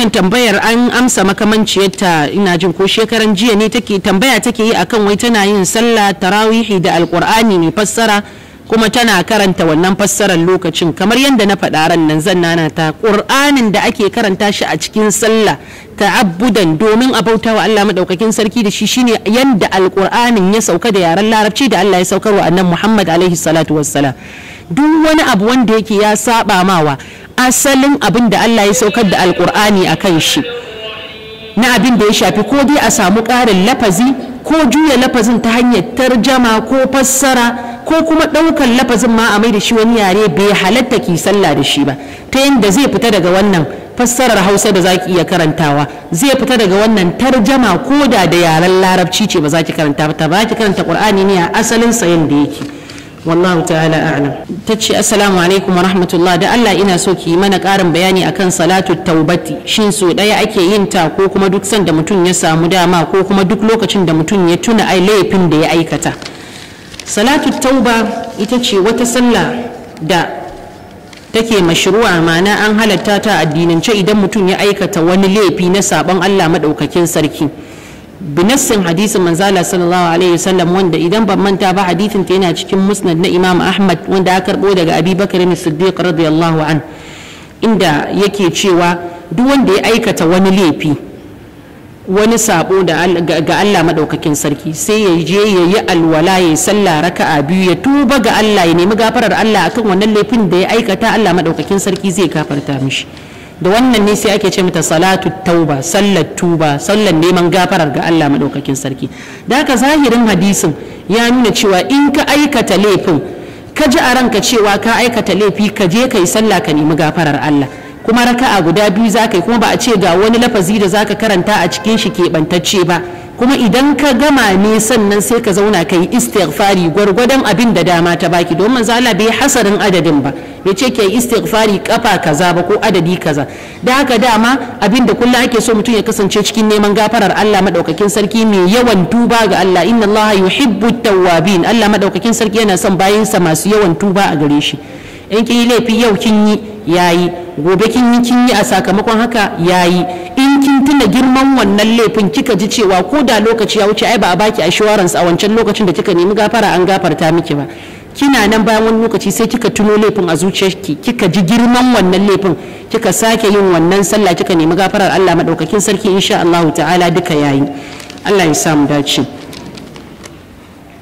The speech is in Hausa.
wannan tambayar an amsa makamanciyarta ina jin ko shekaran jiya ne take tambaya take yi akan wai tana yin sallah tarawihi da alkur'ani mai fassara kuma tana karanta wannan fassarar lokacin kamar yadda na faɗa ran nan zan nana ta ƙur'anin da ake karanta shi a cikin sallah ta abudan domin a bauta wa Allah maɗaukakin sarki da shi shine yadda alƙur'anin ya sauka da yaren larabci da Allah ya saukar wa annan Muhammad alaihi salatu wassalam duk wani abu wanda yake ya saba mawa asalin abin da Allah ya saukar da alkur'ani a kan shi na abin da ya shafi ko dai a samu ƙarin lafazi ko juya lafazin ta hanyar tarjama ko fassara ko kuma ɗaukar lafazin ma a mai da shi wani yare bai halatta ki sallah da shi ba ta yadda zai fita daga wannan fassarar hausa da zaki iya karantawa zai fita daga wannan tarjama ko da da yaren larabci ce ba za ki karanta ba ta ba ki karanta ƙur'ani ne a asalin sayan da yake wallahu ta'ala a'lam tace assalamu alaikum wa rahmatullah da Allah ina so ki mana karin bayani akan salatu taubati shin so daya ake yin ta ko kuma duk sanda mutum ya samu dama ko kuma duk lokacin da mutum ya tuna ai laifin da ya aikata salatu tauba ita ce wata sallah da take mashru'a mana an halatta ta addinance idan mutum ya aikata wani laifi na sabon Allah madaukakin sarki binassin hadisin manzala sallallahu alaihi wasallam wanda idan ban manta ba hadisin ta yana cikin musnad na imam ahmad wanda aka karbo daga abi bakar ne siddiq radiyallahu an inda yake cewa duk wanda ya aikata wani laifi wani sabo da ga Allah madaukakin sarki sai ya je ya yi alwala ya sallah raka'a biyu ya tuba ga Allah ya nemi gafarar Allah akan wannan laifin da ya aikata Allah madaukakin sarki zai gafarta mishi da wannan ne sai ake ce mata salatu tauba sallar tuba sallar neman gafarar ga Allah madaukakin sarki da haka zahirin hadisin ya nuna cewa in ka aikata laifin ka ji a ranka cewa ka aikata laifi ka je ka sallah ka nemi gafarar Allah kuma raka'a guda biyu za ka yi kuma ba a ce ga wani lafazi da za ka karanta a cikin shi keɓantacce ba kuma idan ka gama ne sannan sai ka zauna ka yi istighfari gwargwadon abin da dama ta baki don manzo Allah bai hasarin adadin ba ya ce ke istighfari kafa kaza ba ko adadi kaza da haka dama abin da kullum ake so mutum ya kasance cikin neman gafarar Allah madaukakin sarki mai yawan tuba ga Allah inna Allah yuhibbu tawwabin Allah madaukakin sarki yana son sa masu yawan tuba a gare shi in kin yi laifi yau kin yi yayi gobe kin yi kin yi a sakamakon haka yayi in kin tuna girman wannan laifin kika ji cewa ko da lokaci ya wuce ai ba a baki assurance a wancan lokacin da kika nemi gafara an gafarta miki ba kina nan bayan wani lokaci sai kika tuno laifin a zuciyarki kika ji girman wannan laifin kika sake yin wannan sallah kika nemi gafarar Allah madaukakin sarki insha Allah ta'ala duka yayi Allah ya samu dace